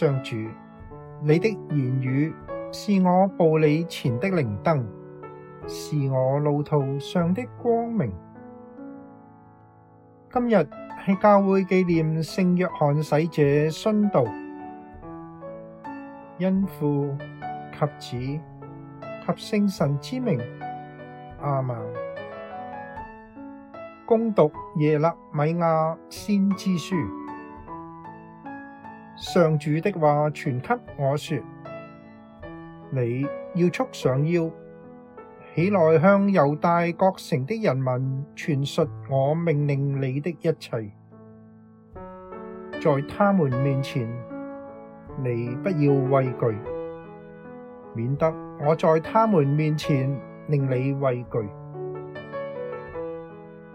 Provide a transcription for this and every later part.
上主，你的言語是我步履前的靈燈，是我路途上的光明。今日喺教會紀念聖若翰洗者殉道，因父及子及聖神之名，阿們，恭讀耶肋米亞先知書。上主的話傳給我說，你要束上腰，起來向猶大各城的人民傳述我命令你的一切，在他們面前，你不要畏懼，免得我在他們面前令你畏懼。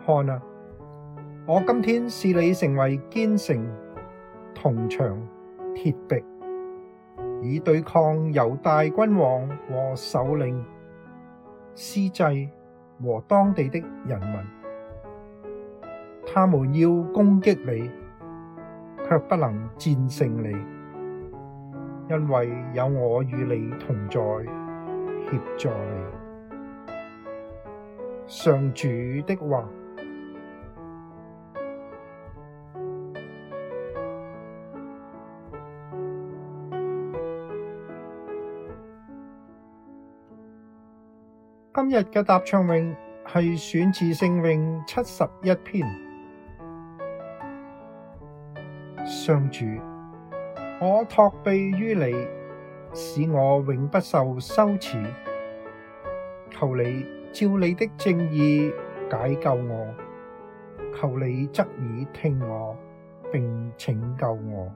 看啊，我今天使你成為堅城銅牆。鐵壁，以對抗猶大君王和首領、司祭和當地的人民。他們要攻擊你，卻不能戰勝你，因為有我與你同在，協助你。上主的話。今日嘅答唱詠係選自聖詠七十一篇。上主，我託庇於你，使我永不受羞恥。求你照你的正義解救我，求你側耳聽我，並拯救我。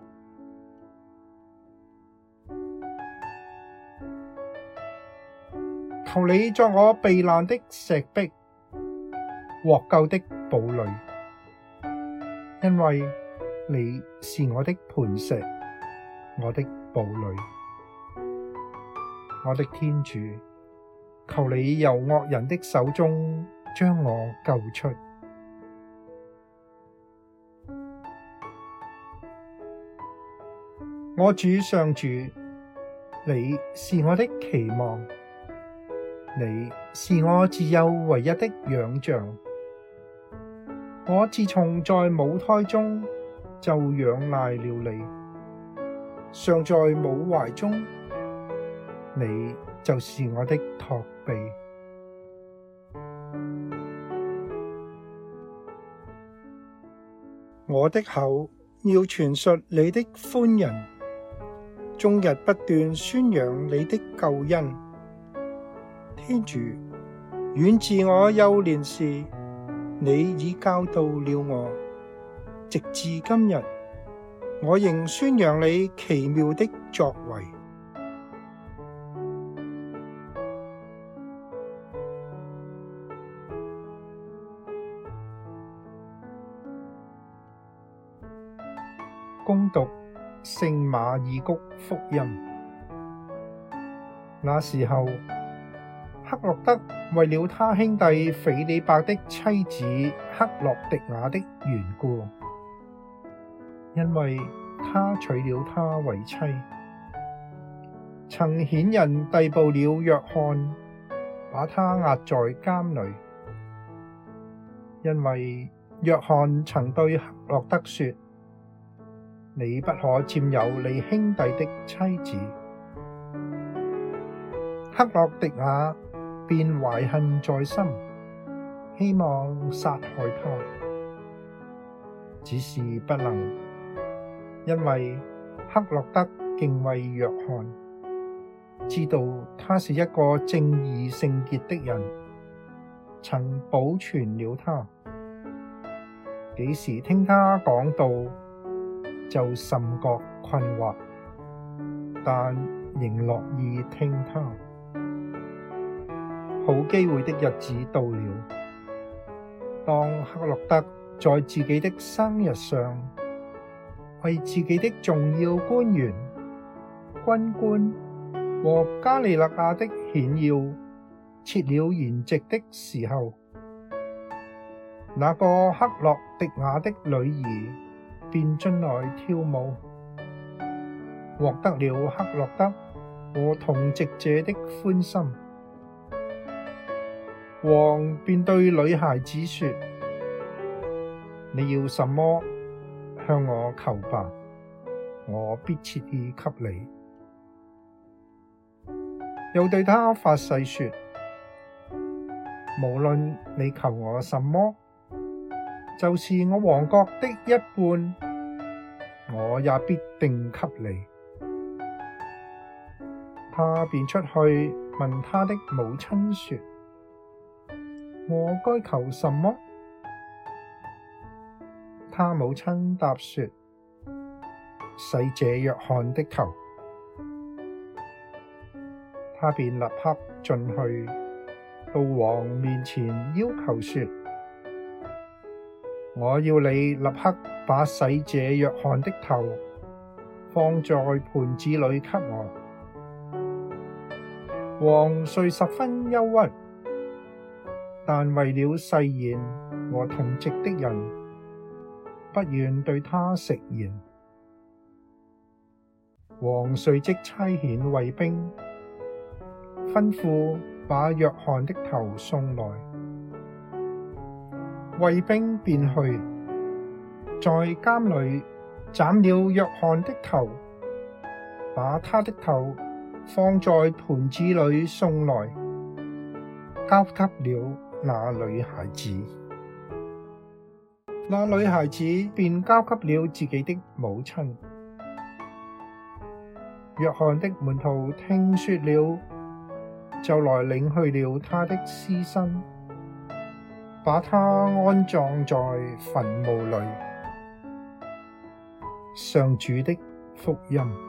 求你作我避難的石壁，獲救的堡壘，因為你是我的磐石，我的堡壘，我的天主。求你由惡人的手中將我救出，我主上主，你是我的期望。你是我自幼唯一的仰仗，我自從在母胎中就仰賴了你，尚在母懷中，你就是我的託庇。我的口要傳述你的寬仁，終日不斷宣揚你的救恩。天主，遠自我幼年時，你已教導了我，直至今日，我仍宣揚你奇妙的作為。恭讀聖馬爾谷福音，那時候。黑落德為了他兄弟斐理伯的妻子黑落狄雅的緣故，因為他娶了她為妻，曾遣人逮捕了若翰，把他押在監裏。因為若翰曾對黑落德說：「你不可佔有你兄弟的妻子。」黑落狄雅。便懷恨在心，希望殺害他，只是不能，因為黑落德敬畏若翰，知道他是一個正義聖潔的人，曾保全了他，幾時聽他講道，就甚覺困惑，但仍樂意聽他。好機會的日子到了。當黑落德在自己的生日上，為自己的重要官員、軍官和加里肋亞的顯要，設了筵席的時候，那個黑落狄雅的女兒便進來跳舞，獲得了黑落德和同席者的歡心。王便對女孩子說：你要什麼，向我求吧，我必賜給你。又對她發誓說：無論你求我什麼，就是我王國的一半，我也必定給你。她便出去問她的母親說。我該求什麼？她母親答說：洗者若翰的頭。她便立刻進去，到王面前要求說：我要你立刻把洗者若翰的頭，放在盤子裏給我。王遂十分憂鬱。但為了誓言和同席的人，不願對他食言。王遂即差遣衛兵，吩咐把若翰的頭送來。衛兵便去，在監裏斬了若翰的頭，把他的頭放在盤子裏，送來，交給了。那女孩子，那女孩子便交給了自己的母親。若翰的門徒聽說了，就來領去了他的屍身，把他安葬在墳墓裏。上主的福音。